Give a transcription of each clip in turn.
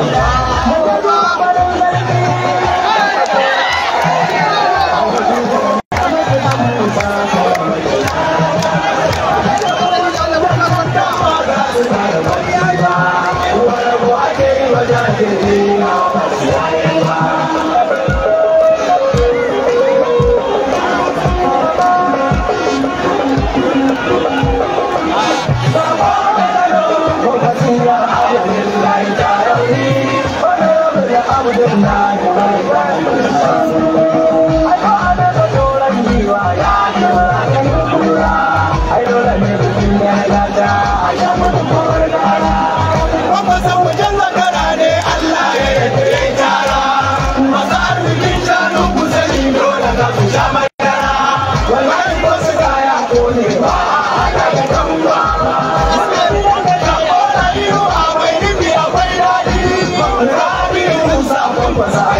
감사합니다. 네. 감사합니다.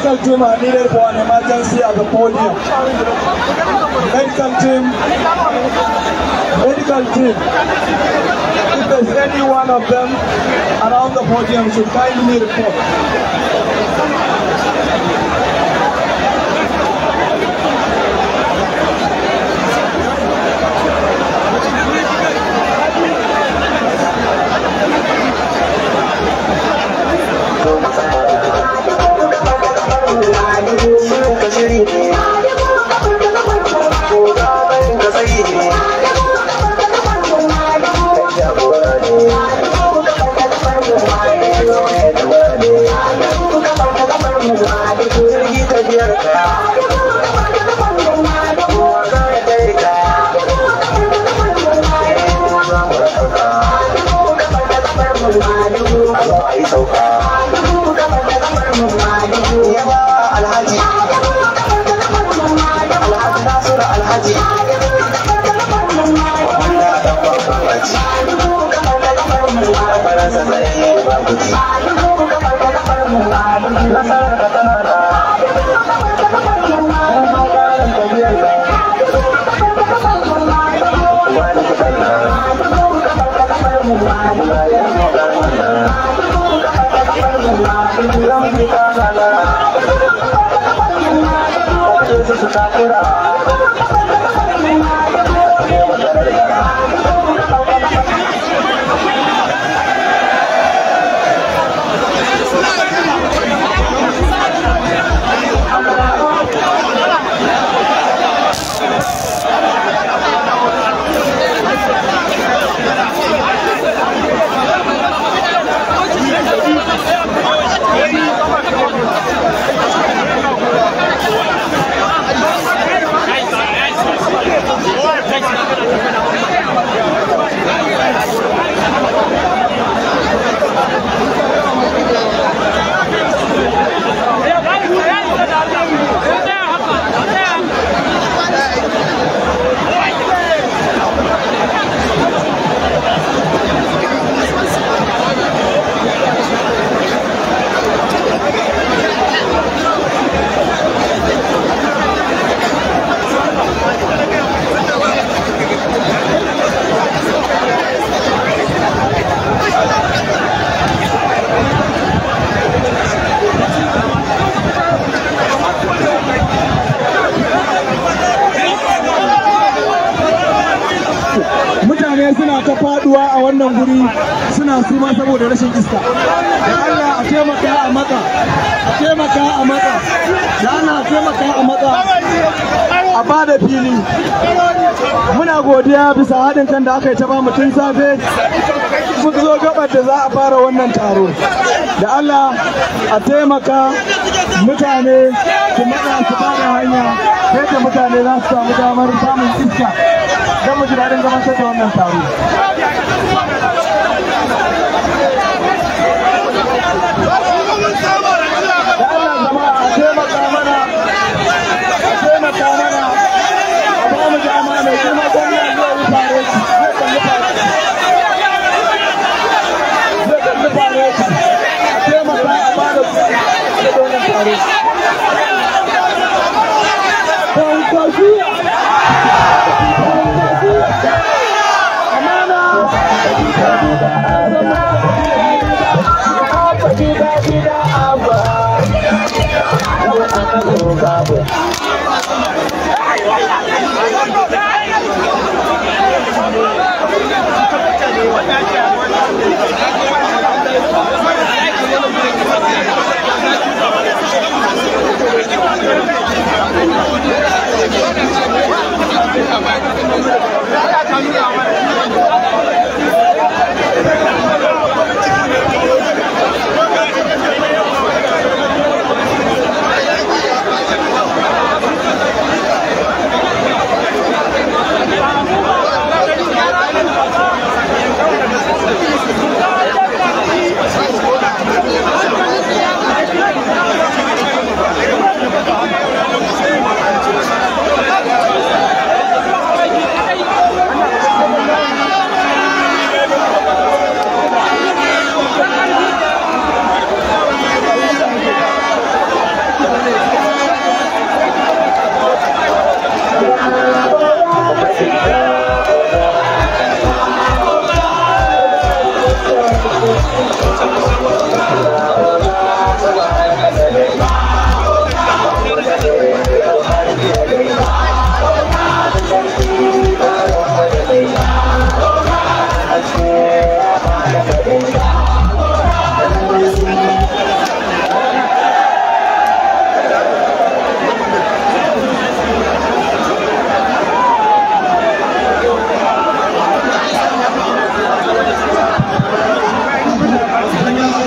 Medical team are needed for an emergency at the podium. Medical team, medical team, if there's any one of them around the podium should kindly report. Sakura. Thank you. wannan guri suna suma saboda rashin iska da Allah a taimaka a matsa a taimaka a matsa da Allah a taimaka a matsa a bada fili muna godiya bisa haɗin kan da aka yi ta ba mutum safe mun zo gabar da za a fara wannan taro da Allah a taimaka mutane su matsa su hanya yadda mutane za su samu damar samun iska dan mu ji daɗin gabatar da wannan taro Thank you.